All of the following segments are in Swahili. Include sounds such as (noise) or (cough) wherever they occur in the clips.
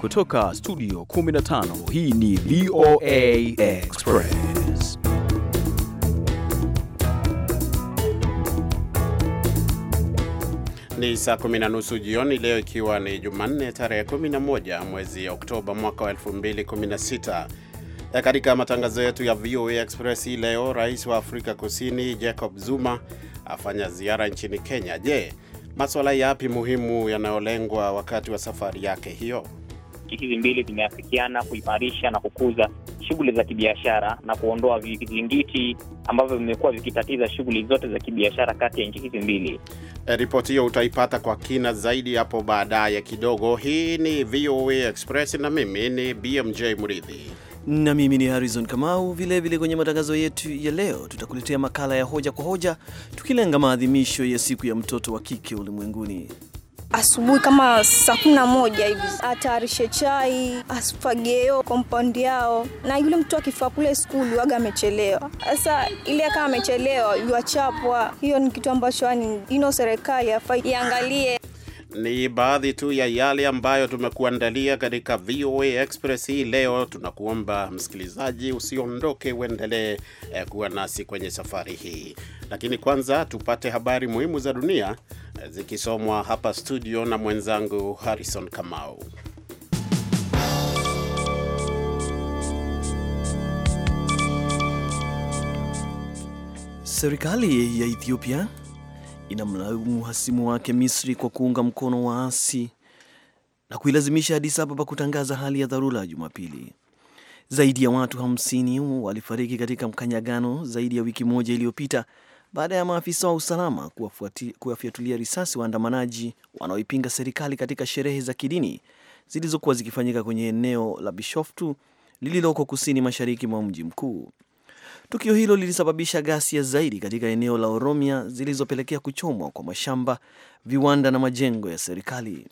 Kutoka studio 15 hii ni VOA Express. Ni saa kumi na nusu jioni leo, ikiwa ni Jumanne tarehe 11 mwezi Oktoba mwaka wa 2016. E, katika matangazo yetu ya VOA Express hii leo, rais wa Afrika Kusini Jacob Zuma afanya ziara nchini Kenya. Je, maswala yapi muhimu yanayolengwa wakati wa safari yake hiyo? nchi hizi mbili zimeafikiana kuimarisha na kukuza shughuli za kibiashara na kuondoa vizingiti ambavyo vimekuwa vikitatiza shughuli zote za kibiashara kati ya nchi hizi mbili. E, ripoti hiyo utaipata kwa kina zaidi hapo baadaye kidogo. Hii ni VOA Express na mimi ni BMJ Mridhi na mimi ni Harrison Kamau. Vilevile vile kwenye matangazo yetu ya leo tutakuletea makala ya hoja kwa hoja, tukilenga maadhimisho ya siku ya mtoto wa kike ulimwenguni asubuhi kama saa kumi na moja hivi atayarishe chai asfageo compound yao, na yule mtu akifaa kule skuli waga amechelewa. Sasa ile kama amechelewa yuachapwa, hiyo ni kitu ambacho yani ino serikali afai iangalie ni baadhi tu ya yale ambayo tumekuandalia katika VOA Express hii leo. Tunakuomba msikilizaji, usiondoke, uendelee eh, kuwa nasi kwenye safari hii, lakini kwanza tupate habari muhimu za dunia eh, zikisomwa hapa studio na mwenzangu Harrison Kamau. Serikali ya Ethiopia inamlaumu hasimu wake Misri kwa kuunga mkono waasi na kuilazimisha Addis Ababa kutangaza hali ya dharura Jumapili. Zaidi ya watu hamsini walifariki katika mkanyagano zaidi ya wiki moja iliyopita baada ya maafisa wa usalama kuwafyatulia risasi waandamanaji wanaoipinga serikali katika sherehe za kidini zilizokuwa zikifanyika kwenye eneo la Bishoftu lililoko kusini mashariki mwa mji mkuu. Tukio hilo lilisababisha ghasia zaidi katika eneo la Oromia zilizopelekea kuchomwa kwa mashamba, viwanda na majengo ya serikali.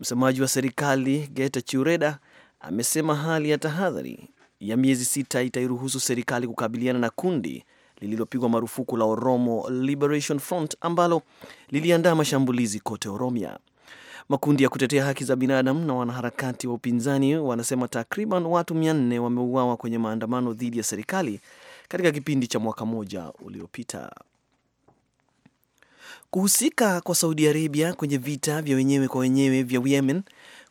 Msemaji wa serikali Getachew Reda amesema hali ya tahadhari ya miezi sita itairuhusu serikali kukabiliana na kundi lililopigwa marufuku la Oromo Liberation Front ambalo liliandaa mashambulizi kote Oromia. Makundi ya kutetea haki za binadamu na wanaharakati wa upinzani wanasema takriban watu mia nne wameuawa kwenye maandamano dhidi ya serikali katika kipindi cha mwaka mmoja uliopita. Kuhusika kwa Saudi Arabia kwenye vita vya wenyewe kwa wenyewe vya Yemen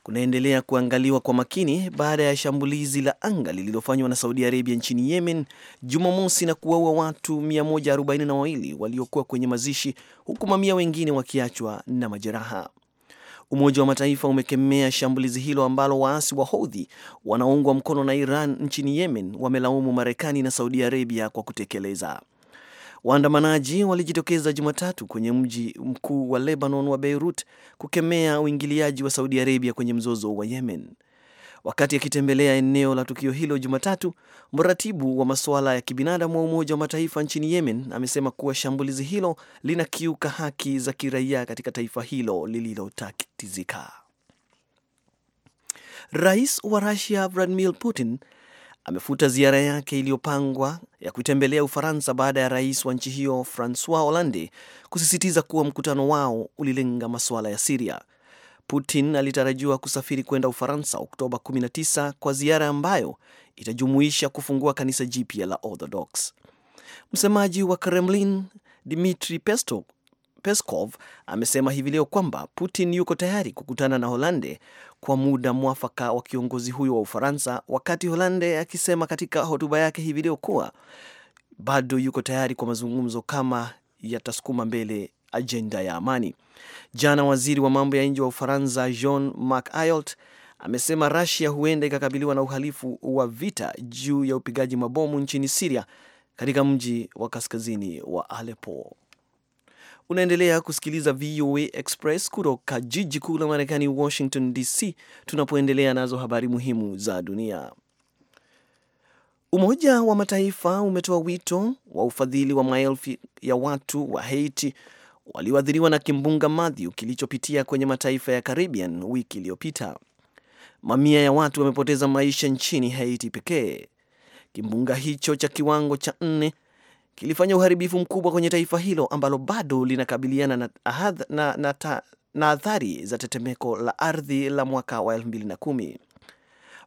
kunaendelea kuangaliwa kwa makini baada ya shambulizi la anga lililofanywa na Saudi Arabia nchini Yemen Jumamosi na kuwaua watu 142 waliokuwa kwenye mazishi huku mamia wengine wakiachwa na majeraha. Umoja wa Mataifa umekemea shambulizi hilo ambalo waasi wa Houthi wanaoungwa mkono na Iran nchini Yemen wamelaumu Marekani na Saudi Arabia kwa kutekeleza. Waandamanaji walijitokeza Jumatatu kwenye mji mkuu wa Lebanon wa Beirut kukemea uingiliaji wa Saudi Arabia kwenye mzozo wa Yemen. Wakati akitembelea eneo la tukio hilo Jumatatu, mratibu wa masuala ya kibinadamu wa Umoja wa Mataifa nchini Yemen amesema kuwa shambulizi hilo linakiuka haki za kiraia katika taifa hilo lililotatizika. Rais wa Rusia Vladimir Putin amefuta ziara yake iliyopangwa ya kuitembelea Ufaransa baada ya rais wa nchi hiyo Francois Hollande kusisitiza kuwa mkutano wao ulilenga masuala ya Siria. Putin alitarajiwa kusafiri kwenda Ufaransa Oktoba 19 kwa ziara ambayo itajumuisha kufungua kanisa jipya la Orthodox. Msemaji wa Kremlin Dmitri Peskov, Peskov amesema hivi leo kwamba Putin yuko tayari kukutana na Holande kwa muda mwafaka wa kiongozi huyo wa Ufaransa, wakati Holande akisema katika hotuba yake hivi leo kuwa bado yuko tayari kwa mazungumzo kama yatasukuma mbele ajenda ya amani. Jana waziri wa mambo ya nje wa Ufaransa Jean Marc Ayrault amesema Russia huenda ikakabiliwa na uhalifu wa vita juu ya upigaji mabomu nchini siria katika mji wa kaskazini wa Aleppo. Unaendelea kusikiliza VOA Express kutoka jiji kuu la Marekani, Washington DC, tunapoendelea nazo habari muhimu za dunia. Umoja wa Mataifa umetoa wito wa ufadhili wa maelfu ya watu wa Haiti walioathiriwa na kimbunga Matthew kilichopitia kwenye mataifa ya Caribbean wiki iliyopita. Mamia ya watu wamepoteza maisha nchini Haiti pekee. Kimbunga hicho cha kiwango cha nne kilifanya uharibifu mkubwa kwenye taifa hilo ambalo bado linakabiliana na, na, na, na athari za tetemeko la ardhi la mwaka wa 2010.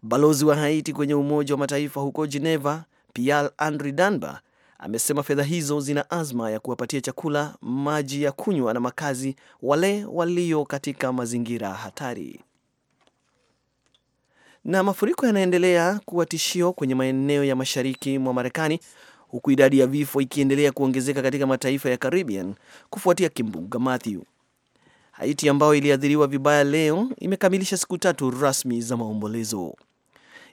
Balozi wa Haiti kwenye Umoja wa Mataifa huko Geneva, Pierre Andre Danba amesema fedha hizo zina azma ya kuwapatia chakula, maji ya kunywa na makazi wale walio katika mazingira hatari. Na mafuriko yanaendelea kuwa tishio kwenye maeneo ya mashariki mwa Marekani huku idadi ya vifo ikiendelea kuongezeka katika mataifa ya Caribbean kufuatia kimbunga Matthew. Haiti ambayo iliathiriwa vibaya leo imekamilisha siku tatu rasmi za maombolezo.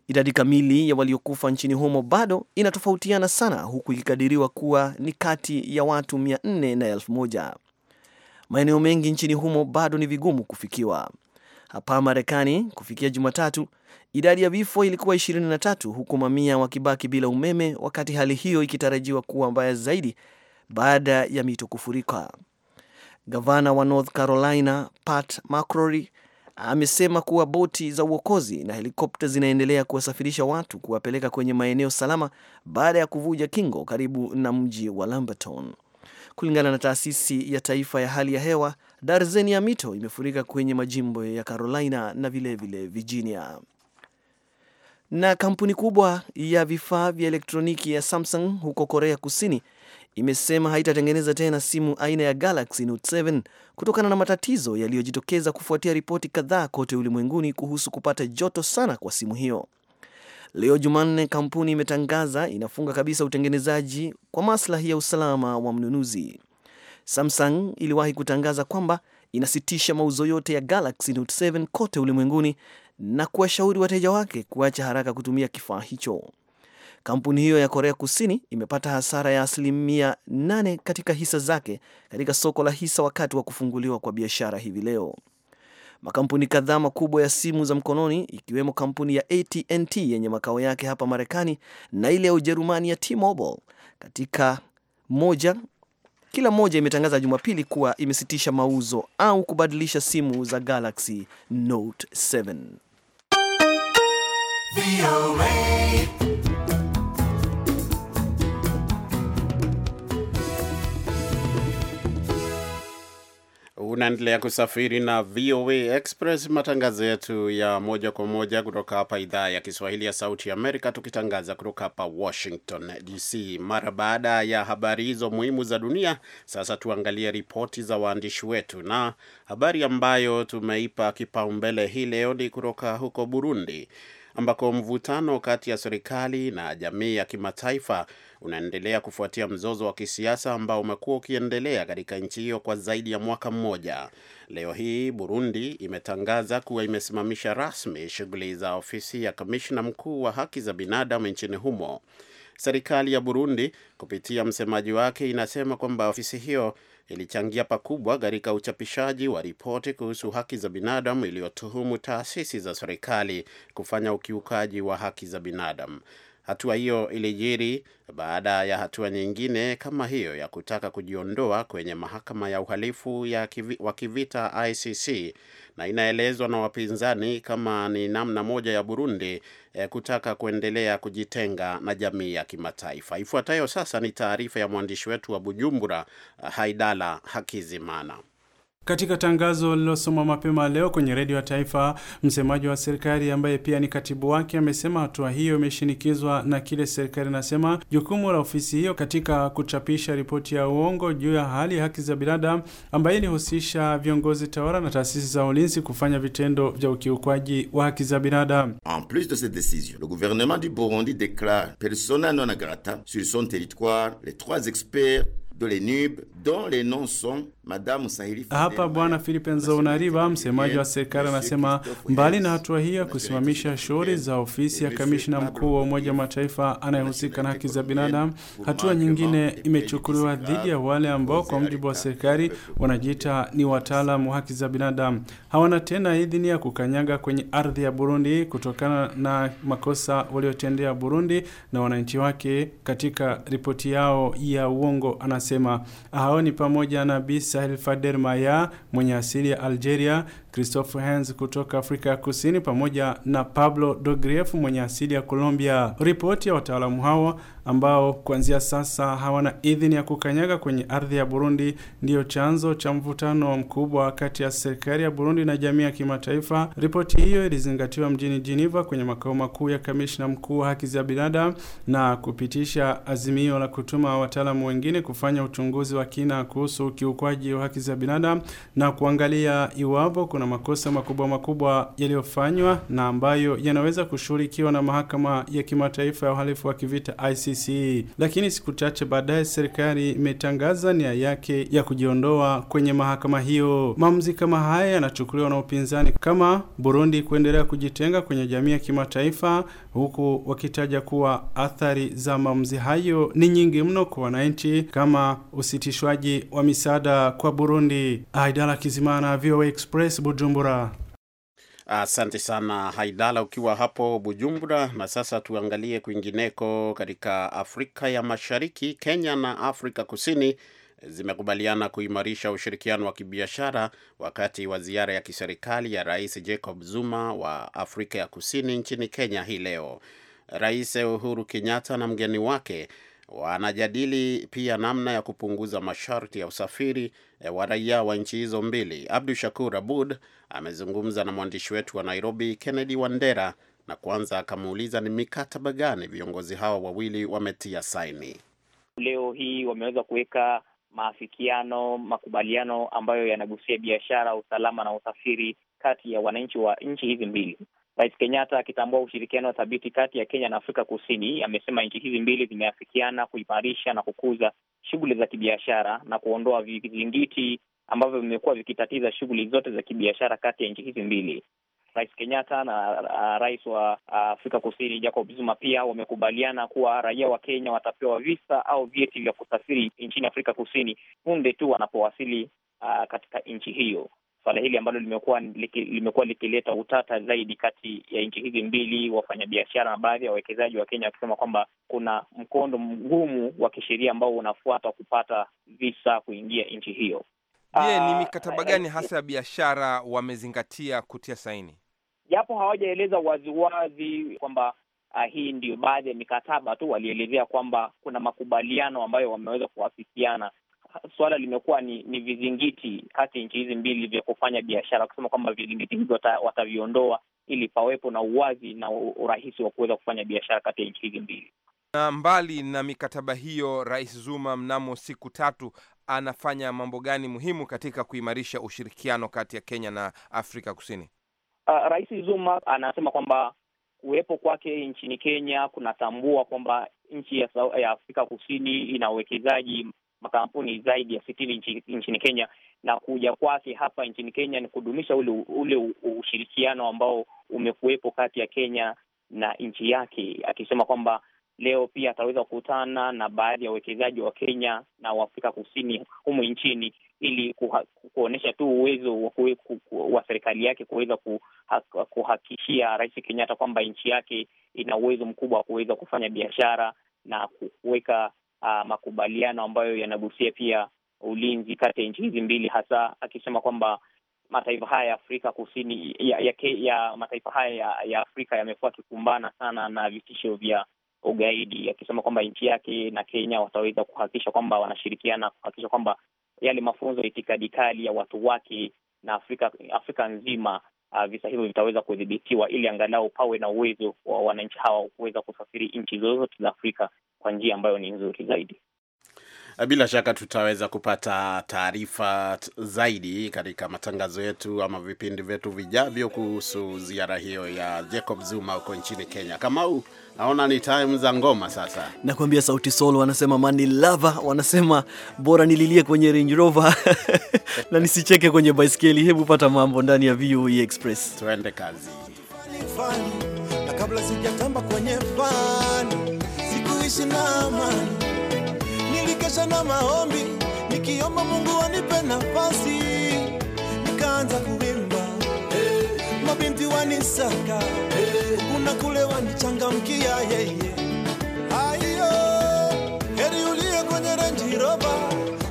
Idadi kamili ya waliokufa nchini humo bado inatofautiana sana, huku ikikadiriwa kuwa ni kati ya watu 400 na 1000. Maeneo mengi nchini humo bado ni vigumu kufikiwa. Hapa Marekani, kufikia Jumatatu, idadi ya vifo ilikuwa 23 huku mamia wakibaki bila umeme, wakati hali hiyo ikitarajiwa kuwa mbaya zaidi baada ya mito kufurika. Gavana wa North Carolina Pat McCrory amesema kuwa boti za uokozi na helikopta zinaendelea kuwasafirisha watu kuwapeleka kwenye maeneo salama baada ya kuvuja kingo karibu na mji wa Lamberton. Kulingana na taasisi ya taifa ya hali ya hewa, darzeni ya mito imefurika kwenye majimbo ya Carolina na vilevile vile Virginia. Na kampuni kubwa ya vifaa vya elektroniki ya Samsung huko Korea Kusini imesema haitatengeneza tena simu aina ya Galaxy Note 7 kutokana na matatizo yaliyojitokeza kufuatia ripoti kadhaa kote ulimwenguni kuhusu kupata joto sana kwa simu hiyo. Leo Jumanne, kampuni imetangaza inafunga kabisa utengenezaji kwa maslahi ya usalama wa mnunuzi. Samsung iliwahi kutangaza kwamba inasitisha mauzo yote ya Galaxy Note 7 kote ulimwenguni na kuwashauri wateja wake kuacha haraka kutumia kifaa hicho. Kampuni hiyo ya Korea Kusini imepata hasara ya asilimia 8 katika hisa zake katika soko la hisa wakati wa kufunguliwa kwa biashara hivi leo. Makampuni kadhaa makubwa ya simu za mkononi ikiwemo kampuni ya AT&T yenye makao yake hapa Marekani na ile ya Ujerumani ya T-Mobile katika moja kila moja imetangaza Jumapili kuwa imesitisha mauzo au kubadilisha simu za Galaxy Note 7. Unaendelea kusafiri na VOA Express, matangazo yetu ya moja kwa moja kutoka hapa idhaa ya Kiswahili ya Sauti Amerika, tukitangaza kutoka hapa Washington DC. Mara baada ya habari hizo muhimu za dunia, sasa tuangalie ripoti za waandishi wetu, na habari ambayo tumeipa kipaumbele hii leo ni kutoka huko Burundi ambako mvutano kati ya serikali na jamii ya kimataifa unaendelea kufuatia mzozo wa kisiasa ambao umekuwa ukiendelea katika nchi hiyo kwa zaidi ya mwaka mmoja. Leo hii Burundi imetangaza kuwa imesimamisha rasmi shughuli za ofisi ya kamishna mkuu wa haki za binadamu nchini humo. Serikali ya Burundi kupitia msemaji wake inasema kwamba ofisi hiyo ilichangia pakubwa katika uchapishaji wa ripoti kuhusu haki za binadamu iliyotuhumu taasisi za serikali kufanya ukiukaji wa haki za binadamu. Hatua hiyo ilijiri baada ya hatua nyingine kama hiyo ya kutaka kujiondoa kwenye mahakama ya uhalifu ya kivi, wa kivita ICC na inaelezwa na wapinzani kama ni namna moja ya Burundi eh, kutaka kuendelea kujitenga na jamii ya kimataifa. Ifuatayo sasa ni taarifa ya mwandishi wetu wa Bujumbura Haidala Hakizimana. Katika tangazo lililosomwa mapema leo kwenye redio ya Taifa, msemaji wa serikali ambaye pia ni katibu wake amesema hatua hiyo imeshinikizwa na kile serikali inasema jukumu la ofisi hiyo katika kuchapisha ripoti ya uongo juu ya hali ya haki za binadamu ambayo ilihusisha viongozi tawala na taasisi za ulinzi kufanya vitendo vya ukiukwaji wa haki za binadamu. En plus de cette décision, le gouvernement du Burundi déclare persona non grata sur son territoire les trois experts de l'ENUB dont les noms sont Madamu Sahili hapa Bwana Philipe Nzobonariba, msemaji wa serikali, anasema mbali na hatua hiyo ya kusimamisha shughuli za ofisi ya kamishna mkuu wa Umoja wa Mataifa anayehusika na haki za binadamu, hatua nyingine imechukuliwa dhidi ya wale ambao kwa mujibu wa serikali wanajiita ni wataalamu wa haki za binadamu. Hawana tena idhini ya kukanyaga kwenye ardhi ya Burundi kutokana na makosa waliotendea Burundi na wananchi wake katika ripoti yao ya uongo. Anasema hao ni pamoja na bisi Sahel Fader Maya mwenye asili ya Algeria Christopher Hens kutoka Afrika ya Kusini pamoja na Pablo Dogrief mwenye asili ya Colombia. Ripoti ya wataalamu hawa ambao kuanzia sasa hawana idhini ya kukanyaga kwenye ardhi ya Burundi ndiyo chanzo cha mvutano mkubwa kati ya serikali ya Burundi na jamii ya kimataifa. Ripoti hiyo ilizingatiwa mjini Geneva kwenye makao makuu ya kamishna mkuu wa haki za binadamu na kupitisha azimio la kutuma wataalamu wengine kufanya uchunguzi wa kina kuhusu ukiukwaji wa haki za binadamu na kuangalia iwapo kuna na makosa makubwa makubwa yaliyofanywa na ambayo yanaweza kushughulikiwa na mahakama ya kimataifa ya uhalifu wa kivita ICC. Lakini siku chache baadaye serikali imetangaza nia yake ya kujiondoa kwenye mahakama hiyo. Maamuzi kama haya yanachukuliwa na upinzani kama Burundi kuendelea kujitenga kwenye jamii ya kimataifa, huku wakitaja kuwa athari za maamuzi hayo ni nyingi mno kwa wananchi, kama usitishwaji wa misaada kwa Burundi. Aidala Kizimana, VOA Express, Burundi. Bujumbura. Asante sana Haidala, ukiwa hapo Bujumbura. Na sasa tuangalie kwingineko katika Afrika ya Mashariki. Kenya na Afrika Kusini zimekubaliana kuimarisha ushirikiano wa kibiashara wakati wa ziara ya kiserikali ya Rais Jacob Zuma wa Afrika ya Kusini nchini Kenya hii leo. Rais Uhuru Kenyatta na mgeni wake wanajadili pia namna ya kupunguza masharti ya usafiri eh, wa raia wa nchi hizo mbili. Abdu Shakur Abud amezungumza na mwandishi wetu wa Nairobi, Kennedy Wandera, na kwanza akamuuliza ni mikataba gani viongozi hawa wawili wametia saini. Leo hii wameweza kuweka maafikiano, makubaliano ambayo yanagusia biashara, usalama na usafiri kati ya wananchi wa nchi hizi mbili. Rais Kenyatta akitambua ushirikiano wa thabiti kati ya Kenya na Afrika Kusini, amesema nchi hizi mbili zimeafikiana kuimarisha na kukuza shughuli za kibiashara na kuondoa vizingiti ambavyo vimekuwa vikitatiza shughuli zote za kibiashara kati ya nchi hizi mbili. Rais Kenyatta na uh, rais wa Afrika Kusini Jacob Zuma pia wamekubaliana kuwa raia wa Kenya watapewa visa au vyeti vya kusafiri nchini Afrika Kusini punde tu wanapowasili uh, katika nchi hiyo suala hili ambalo limekuwa liki, limekuwa likileta utata zaidi kati ya nchi hizi mbili, wafanyabiashara na baadhi ya wawekezaji wa Kenya wakisema kwamba kuna mkondo mgumu wa kisheria ambao unafuata kupata visa kuingia nchi hiyo. Je, ni ah, mikataba eh, gani eh, hasa ya biashara wamezingatia kutia saini? Japo hawajaeleza waziwazi kwamba Uh, hii ndio baadhi ya mikataba tu, walielezea kwamba kuna makubaliano ambayo wameweza kuafikiana swala limekuwa ni, ni vizingiti kati ya nchi hizi mbili vya kufanya biashara, kusema kwamba vizingiti hivyo wataviondoa ili pawepo na uwazi na urahisi wa kuweza kufanya biashara kati ya nchi hizi mbili. Na mbali na mikataba hiyo, Rais Zuma mnamo siku tatu anafanya mambo gani muhimu katika kuimarisha ushirikiano kati ya Kenya na Afrika Kusini? Uh, Rais Zuma anasema kwamba kuwepo kwake nchini Kenya kunatambua kwamba nchi ya Afrika Kusini ina uwekezaji makampuni zaidi ya sitini nchini Kenya, na kuja kwake hapa nchini Kenya ni kudumisha ule ule ushirikiano ambao umekuwepo kati ya Kenya na nchi yake, akisema kwamba leo pia ataweza kukutana na baadhi ya wawekezaji wa Kenya na Waafrika Kusini humu nchini ili kuonyesha tu uwezo wa serikali yake kuweza kuhakikishia Rais Kenyatta kwamba nchi yake ina uwezo mkubwa wa kuweza kufanya biashara na kuweka uh, makubaliano ambayo yanagusia pia ulinzi kati ya nchi hizi mbili, hasa akisema kwamba mataifa haya ya Afrika Kusini ya, ya, ya mataifa haya ya, ya Afrika yamekuwa akikumbana sana na vitisho vya ugaidi, akisema kwamba nchi yake na Kenya wataweza kuhakikisha kwamba wanashirikiana kuhakikisha kwamba yale mafunzo ya itikadi kali ya watu wake na Afrika Afrika nzima uh, visa hivyo vitaweza kudhibitiwa ili angalau pawe na uwezo wa wananchi hawa kuweza kusafiri nchi zozote za Afrika kwa njia ambayo ni nzuri zaidi. Eh, bila shaka tutaweza kupata taarifa zaidi katika matangazo yetu ama vipindi vyetu vijavyo kuhusu ziara hiyo ya Jacob Zuma huko nchini Kenya. Kamau, naona ni time za ngoma sasa. Nakuambia Sauti Sol wanasema mani lava, wanasema bora nililie kwenye Range Rover (laughs) na nisicheke kwenye baiskeli. Hebu pata mambo ndani ya VOA e Express, tuende kazi na kabla sijatamba kwenye na amani. Nilikesha na maombi nikiomba Mungu anipe nafasi, nikaanza kuimba hey. Mabinti wanisaka hey. Kuna kule wanichangamkia yeye aiyo Heri uliye kwenye renji roba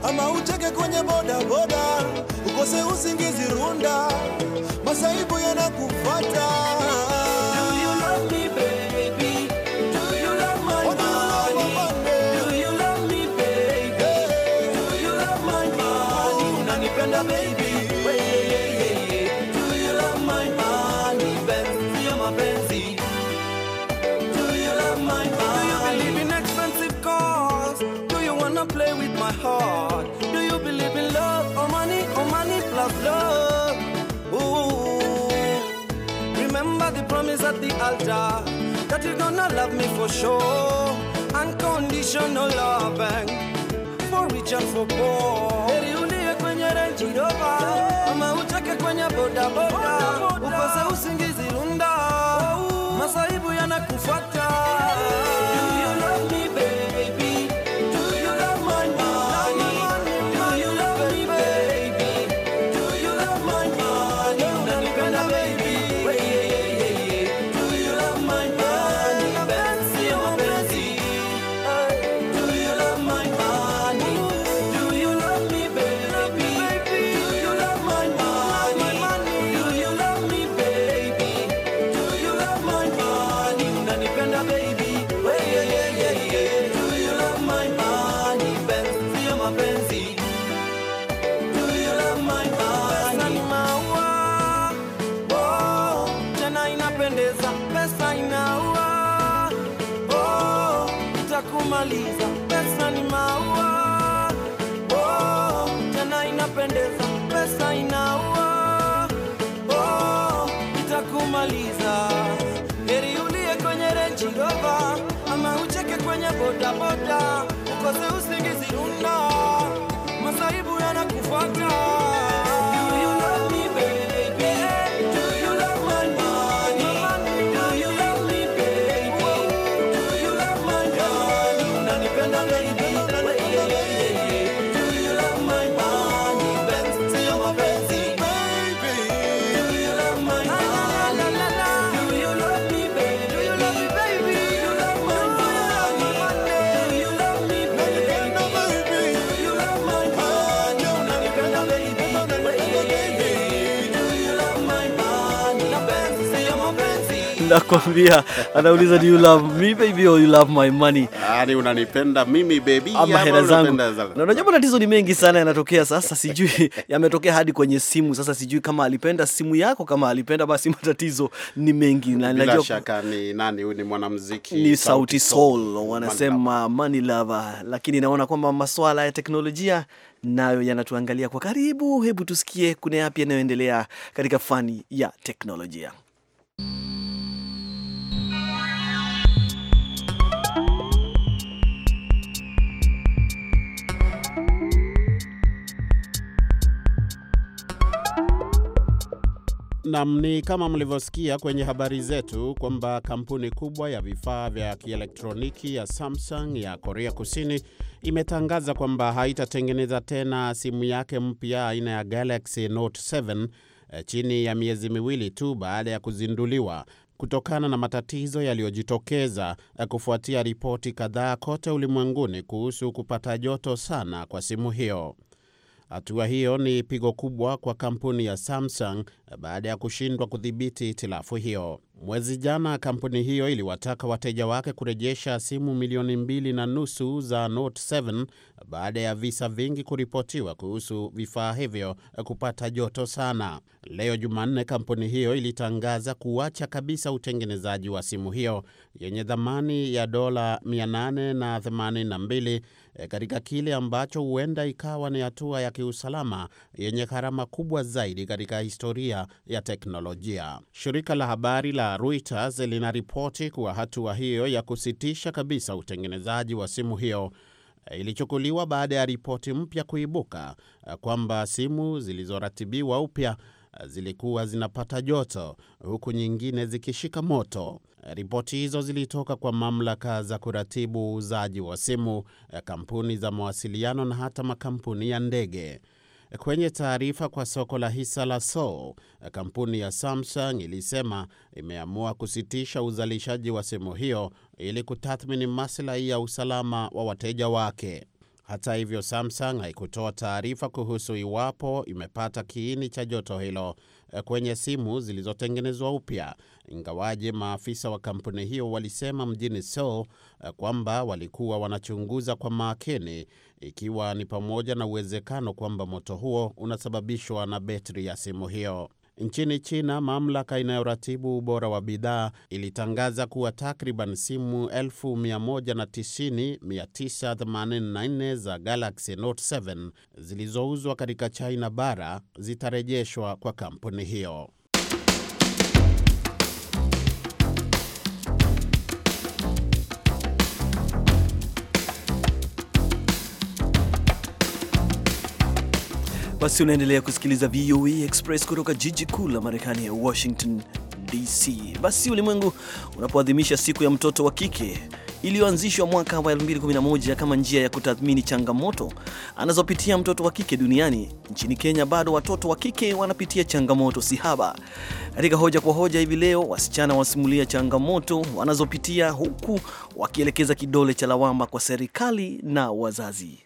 ama ucheke kwenye bodaboda ukose usingizi runda, masaibu yanakufata away with my heart. Do you believe in love or oh, money or oh, money plus love? Ooh, remember the promise at the altar that you're gonna love me for sure. Unconditional loving for rich and for poor. Niulie kwenye renji roba, ama ucheke kwenye boda boda, ukose usingizi Lunda, masaibu yanakufuata. nakwambia, anauliza do you love me baby or you love my money, yani unanipenda mimi baby ama hela zangu. Na unajua matatizo ni mengi sana yanatokea sasa, sijui (laughs) yametokea hadi kwenye simu. Sasa sijui kama alipenda simu yako, kama alipenda basi, matatizo ni mengi na najua shaka ni nani huyu, ni mwanamuziki ni Sauti Soul, wanasema money lover, lakini naona kwamba masuala ya teknolojia nayo yanatuangalia kwa karibu. Hebu tusikie kuna yapi yanayoendelea katika fani ya teknolojia. Nam, ni kama mlivyosikia kwenye habari zetu kwamba kampuni kubwa ya vifaa vya kielektroniki ya Samsung ya Korea Kusini imetangaza kwamba haitatengeneza tena simu yake mpya aina ya Galaxy Note 7 eh, chini ya miezi miwili tu baada ya kuzinduliwa kutokana na matatizo yaliyojitokeza eh, kufuatia ripoti kadhaa kote ulimwenguni kuhusu kupata joto sana kwa simu hiyo. Hatua hiyo ni pigo kubwa kwa kampuni ya Samsung baada ya kushindwa kudhibiti hitilafu hiyo. Mwezi jana kampuni hiyo iliwataka wateja wake kurejesha simu milioni mbili na nusu za Note 7 baada ya visa vingi kuripotiwa kuhusu vifaa hivyo kupata joto sana. Leo Jumanne, kampuni hiyo ilitangaza kuacha kabisa utengenezaji wa simu hiyo yenye thamani ya dola 882 eh, katika kile ambacho huenda ikawa ni hatua ya kiusalama yenye gharama kubwa zaidi katika historia ya teknolojia. Shirika la habari la la Reuters linaripoti kuwa hatua hiyo ya kusitisha kabisa utengenezaji wa simu hiyo eh, ilichukuliwa baada ya ripoti mpya kuibuka eh, kwamba simu zilizoratibiwa upya eh, zilikuwa zinapata joto huku nyingine zikishika moto. Ripoti hizo zilitoka kwa mamlaka za kuratibu uuzaji wa simu, kampuni za mawasiliano na hata makampuni ya ndege. Kwenye taarifa kwa soko la hisa la Seoul, kampuni ya Samsung ilisema imeamua kusitisha uzalishaji wa simu hiyo ili kutathmini maslahi ya usalama wa wateja wake. Hata hivyo, Samsung haikutoa taarifa kuhusu iwapo imepata kiini cha joto hilo eh, kwenye simu zilizotengenezwa upya, ingawaje maafisa wa kampuni hiyo walisema mjini Seoul eh, kwamba walikuwa wanachunguza kwa makini, ikiwa ni pamoja na uwezekano kwamba moto huo unasababishwa na betri ya simu hiyo. Nchini China, mamlaka inayoratibu ubora wa bidhaa ilitangaza kuwa takriban simu 190,984 za Galaxy Note 7 zilizouzwa katika China bara zitarejeshwa kwa kampuni hiyo. Basi unaendelea kusikiliza VOA e Express kutoka jiji kuu la Marekani ya Washington DC. Basi ulimwengu unapoadhimisha siku ya mtoto wa kike iliyoanzishwa mwaka wa 2011 kama njia ya kutathmini changamoto anazopitia mtoto wa kike duniani. Nchini Kenya bado watoto wa kike wanapitia changamoto sihaba. Katika hoja kwa hoja hivi leo, wasichana wasimulia changamoto wanazopitia huku wakielekeza kidole cha lawama kwa serikali na wazazi.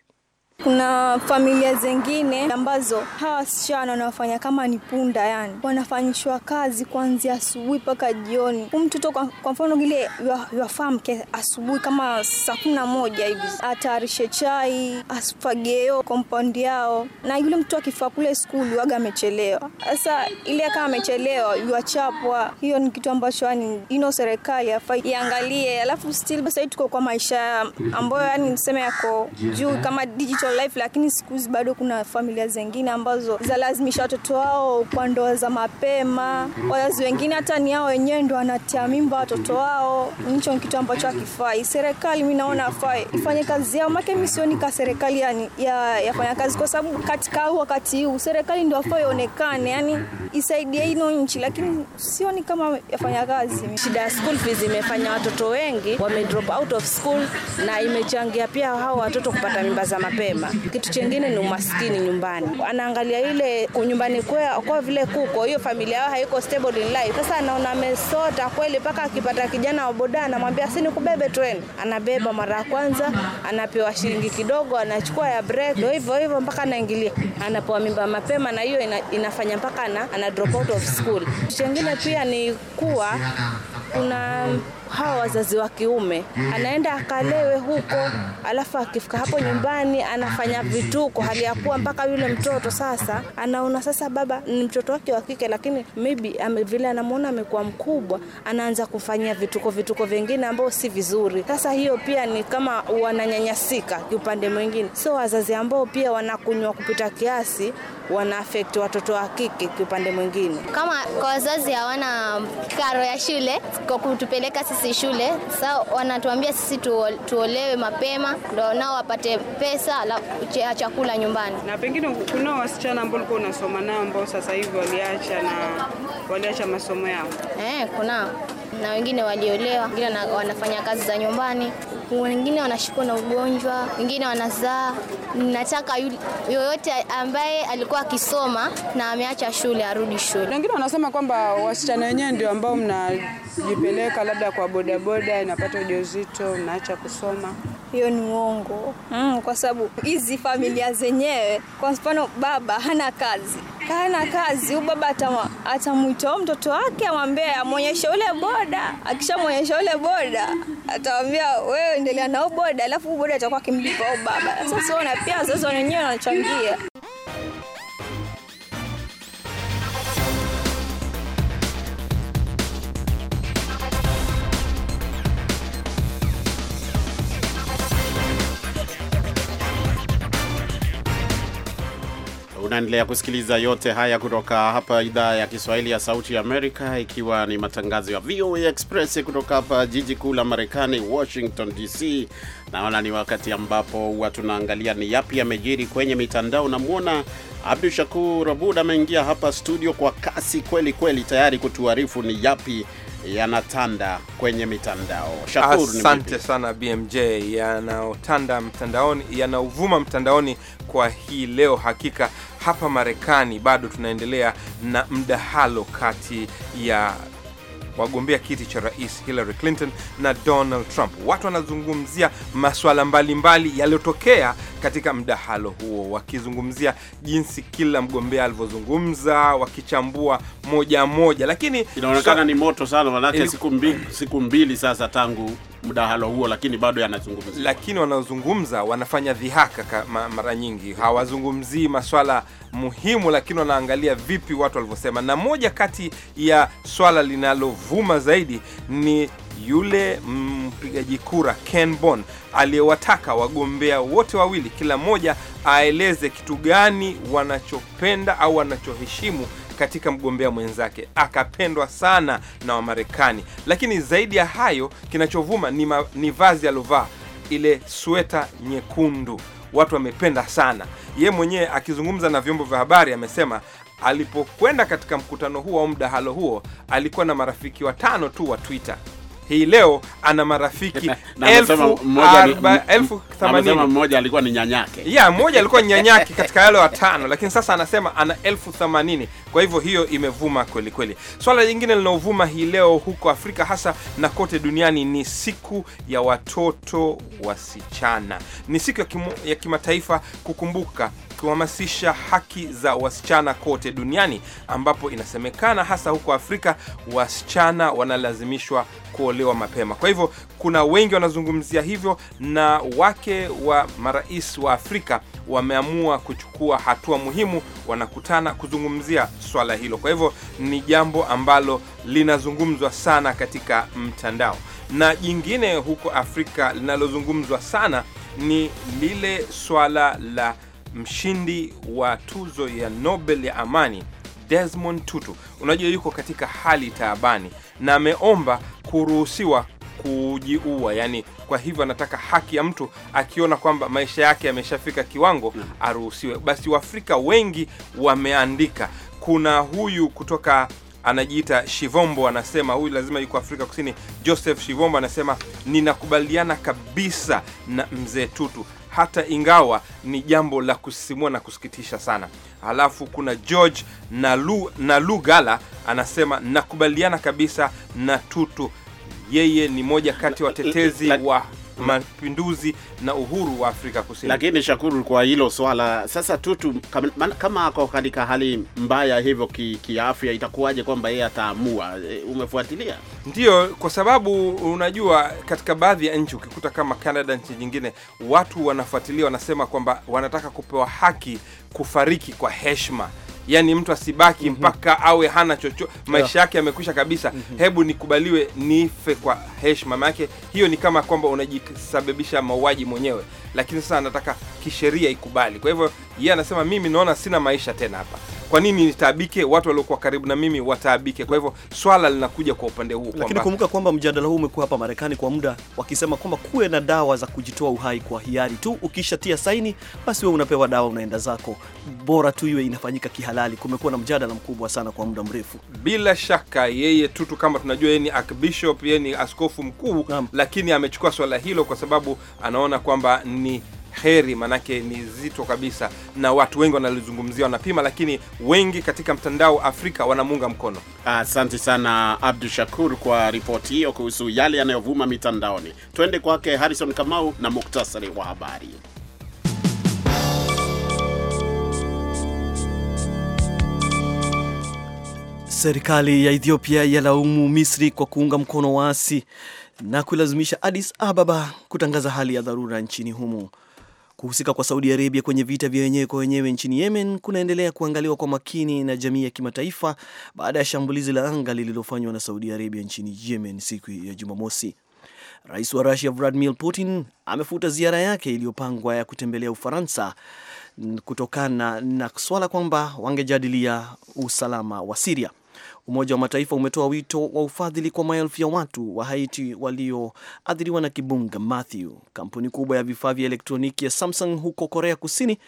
Kuna familia zingine ambazo hawa wasichana wanafanya kama ni punda, yani wanafanyishwa kazi kuanzia asubuhi mpaka jioni. Huu mtoto kwa, kwa mfano ile yafamke mke asubuhi kama saa kumi na moja hivi atayarishe chai asfageo kompaundi yao, na yule mtu akifaa kule skuli waga amechelewa. Sasa ile kama amechelewa yuachapwa, hiyo ni kitu ambacho yani ino serikali iangalie. Alafu still basi tuko kwa maisha ambayo yani niseme yako juu kama digital social life, lakini siku hizi bado kuna familia zingine ambazo zalazimisha watoto wao kwa ndoa za mapema. Wazazi wengine hata ni ao wenyewe ndo wanatia mimba watoto wao. nicho ni kitu ambacho hakifai. Serikali mi naona afai ifanye kazi yao, make mi ka serikali yani, ya, yafanya kazi, kwa sababu katika huu wakati huu serikali ndo afaa ionekane, yani isaidie ino nchi, lakini sioni kama yafanya kazi. Shida ya school fees imefanya watoto wengi wame drop out of school na imechangia pia hao watoto kupata mimba za mapema mapema. Kitu chengine ni umaskini nyumbani, anaangalia ile nyumbani kwa, kwa vile kuko hiyo familia yao haiko stable in life. Sasa anaona amesota kweli, mpaka akipata kijana wa boda anamwambia si nikubebe treni, anabeba mara ya kwanza, anapewa shilingi kidogo, anachukua ya break, ndio hivyo hivyo mpaka anaingilia, anapewa mimba mapema, na hiyo ina, inafanya mpaka ana, ana drop out of school. Kitu chengine pia ni kuwa kuna hawa wazazi wa kiume, anaenda akalewe huko, alafu akifika hapo nyumbani anafanya vituko, hali ya kuwa mpaka yule mtoto sasa anaona sasa baba ni mtoto wake wa kike, lakini maybe ame, vile anamwona amekuwa mkubwa, anaanza kufanyia vituko vituko vingine ambao si vizuri. Sasa hiyo pia ni kama wananyanyasika kiupande mwingine, so wazazi ambao pia wanakunywa kupita kiasi wana affect watoto wa kike kiupande mwingine. Kama kwa wazazi hawana karo ya shule kwa kutupeleka sisi shule, sa wanatuambia sisi tuolewe mapema ndo nao wapate pesa la chakula nyumbani. Na pengine kuna wasichana ambao ulikuwa unasoma nao ambao sasa hivi waliacha na waliacha masomo yao. Eh, kuna na wengine waliolewa, wengine wanafanya kazi za nyumbani, wengine wanashikwa na ugonjwa, wengine wanazaa. Nataka yoyote ambaye alikuwa akisoma na ameacha shule arudi shule. Wengine wanasema kwamba wasichana wenyewe ndio ambao mnajipeleka labda kwa bodaboda, inapata ujauzito, mnaacha kusoma. Hiyo ni uongo mm, kwa sababu hizi familia zenyewe, kwa mfano baba hana kazi na kazi, huyu baba atamwitoa mtoto wake amwambie amwonyeshe ule boda. Akishamwonyesha ule boda, atawambia wewe endelea nao boda, alafu boda atakuwa akimlipa u baba. Sasa ona pia wazazi wanenyewe wanachangia. Unaendelea kusikiliza yote haya kutoka hapa idhaa ya Kiswahili ya Sauti ya Amerika, ikiwa ni matangazo ya VOA Express kutoka hapa jiji kuu la Marekani, Washington DC. Naona ni wakati ambapo huwa tunaangalia ni yapi yamejiri kwenye mitandao. Namwona Abdu Shakur Abud ameingia hapa studio kwa kasi kweli kweli, tayari kutuarifu ni yapi yanatanda kwenye mitandao. Shakuru, asante sana BMJ. yanaotanda mtandaoni, yanaovuma mtandaoni kwa hii leo, hakika hapa Marekani bado tunaendelea na mdahalo kati ya wagombea kiti cha rais Hillary Clinton na Donald Trump. Watu wanazungumzia masuala mbalimbali yaliyotokea katika mdahalo huo, wakizungumzia jinsi kila mgombea alivyozungumza, wakichambua moja moja, lakini inaonekana so, ni moto sana, manake siku mbili, siku mbili sasa tangu mdahalo huo, lakini bado yanazungumza, lakini wanazungumza, wanafanya dhihaka mara nyingi, hawazungumzii maswala muhimu, lakini wanaangalia vipi watu walivyosema. Na moja kati ya swala linalovuma zaidi ni yule mpigaji kura Ken Bon aliyewataka wagombea wote wawili, kila mmoja aeleze kitu gani wanachopenda au wanachoheshimu katika mgombea mwenzake, akapendwa sana na Wamarekani. Lakini zaidi ya hayo, kinachovuma ni, ma, ni vazi alovaa ile sweta nyekundu, watu wamependa sana. Ye mwenyewe akizungumza na vyombo vya habari amesema alipokwenda katika mkutano huo au mdahalo huo alikuwa na marafiki watano tu wa Twitter hii leo ana marafiki (laughs) elfu Mmoja alikuwa ni nyanyake, yeah, mmoja alikuwa nyanyake katika yale watano, lakini sasa anasema ana elfu themanini. Kwa hivyo hiyo imevuma kweli kweli. Swala lingine linaovuma hii leo huko Afrika hasa na kote duniani ni siku ya watoto wasichana, ni siku ya kimataifa kukumbuka kuhamasisha haki za wasichana kote duniani, ambapo inasemekana hasa huko Afrika wasichana wanalazimishwa kuolewa mapema. Kwa hivyo kuna wengi wanazungumzia hivyo, na wake wa marais wa Afrika wameamua kuchukua hatua muhimu, wanakutana kuzungumzia swala hilo. Kwa hivyo ni jambo ambalo linazungumzwa sana katika mtandao, na jingine huko Afrika linalozungumzwa sana ni lile swala la mshindi wa tuzo ya Nobel ya amani Desmond Tutu, unajua yuko katika hali taabani na ameomba kuruhusiwa kujiua, yani kwa hivyo anataka haki ya mtu akiona kwamba maisha yake yameshafika kiwango mm. aruhusiwe. Basi Waafrika wengi wameandika. Kuna huyu kutoka anajiita Shivombo, anasema huyu lazima yuko Afrika Kusini. Joseph Shivombo anasema ninakubaliana kabisa na mzee Tutu, hata ingawa ni jambo la kusisimua na kusikitisha sana. Halafu kuna George na lu gala anasema nakubaliana kabisa na Tutu, yeye ni moja kati ya watetezi wa mapinduzi na uhuru wa Afrika Kusini. Lakini shukuru kwa hilo swala. Sasa Tutu, kama ako katika hali mbaya hivyo kiafya, ki itakuwaje kwamba yeye ataamua? E, umefuatilia? ndio kwa sababu unajua katika baadhi ya nchi ukikuta kama Canada, nchi nyingine, watu wanafuatilia wanasema kwamba wanataka kupewa haki kufariki kwa heshima yani mtu asibaki mm -hmm. mpaka awe hana chochote maisha yake yamekwisha kabisa mm -hmm. hebu nikubaliwe nife kwa heshima, maanake hiyo ni kama kwamba unajisababisha mauaji mwenyewe, lakini sasa anataka kisheria ikubali. Kwa hivyo yeye anasema mimi naona sina maisha tena hapa. Kwa nini nitaabike? Watu waliokuwa karibu na mimi wataabike. Kwa hivyo swala linakuja kwa upande huu, lakini kumbuka kwamba mjadala huu umekuwa hapa Marekani kwa muda wakisema kwamba kuwe na dawa za kujitoa uhai kwa hiari tu. Ukishatia saini, basi wewe unapewa dawa, unaenda zako, bora tu iwe inafanyika kihalali. Kumekuwa na mjadala mkubwa sana kwa muda mrefu. Bila shaka yeye Tutu, kama tunajua, yeye ni archbishop, yeye ni askofu mkuu, lakini amechukua swala hilo kwa sababu anaona kwamba ni heri, manake ni zito kabisa, na watu wengi wanalizungumzia, wanapima, lakini wengi katika mtandao Afrika wanamuunga mkono. Asante sana Abdu Shakur kwa ripoti hiyo kuhusu yale yanayovuma mitandaoni. Twende kwake Harrison Kamau na muktasari wa habari. Serikali ya Ethiopia yalaumu Misri kwa kuunga mkono waasi na kuilazimisha Addis Ababa kutangaza hali ya dharura nchini humo. Kuhusika kwa Saudi Arabia kwenye vita vya wenyewe kwa wenyewe nchini Yemen kunaendelea kuangaliwa kwa makini na jamii ya kimataifa baada ya shambulizi la anga lililofanywa na Saudi Arabia nchini Yemen siku ya Jumamosi. Rais wa Russia Vladimir Putin amefuta ziara yake iliyopangwa ya kutembelea Ufaransa kutokana na swala kwamba wangejadilia usalama wa Siria. Umoja wa Mataifa umetoa wito wa ufadhili kwa maelfu ya watu wa Haiti walioathiriwa na kibunga Matthew. Kampuni kubwa ya vifaa vya elektroniki ya Samsung huko Korea Kusini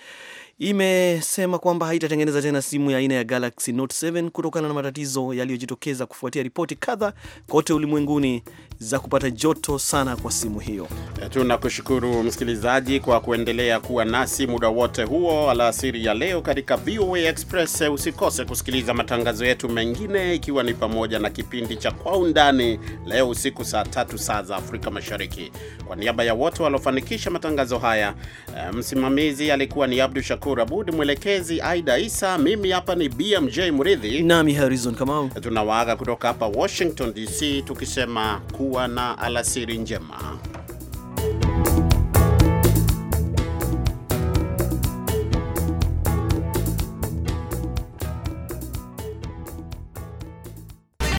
imesema kwamba haitatengeneza tena simu ya aina ya Galaxy Note 7 kutokana na matatizo yaliyojitokeza kufuatia ripoti kadha kote ulimwenguni za kupata joto sana kwa simu hiyo. Tunakushukuru msikilizaji kwa kuendelea kuwa nasi muda wote huo alasiri ya leo katika VOA Express. Usikose kusikiliza matangazo yetu mengine ikiwa ni pamoja na kipindi cha Kwa Undani leo usiku saa tatu saa za Afrika Mashariki. Kwa niaba ya wote waliofanikisha matangazo haya, eh, msimamizi alikuwa ni Abdu Shakur Abdushakur Abud, mwelekezi Aida Isa, mimi hapa ni BMJ Muridhi nami Harrison Kamau, tunawaaga kutoka hapa Washington DC tukisema kuwa na alasiri njema.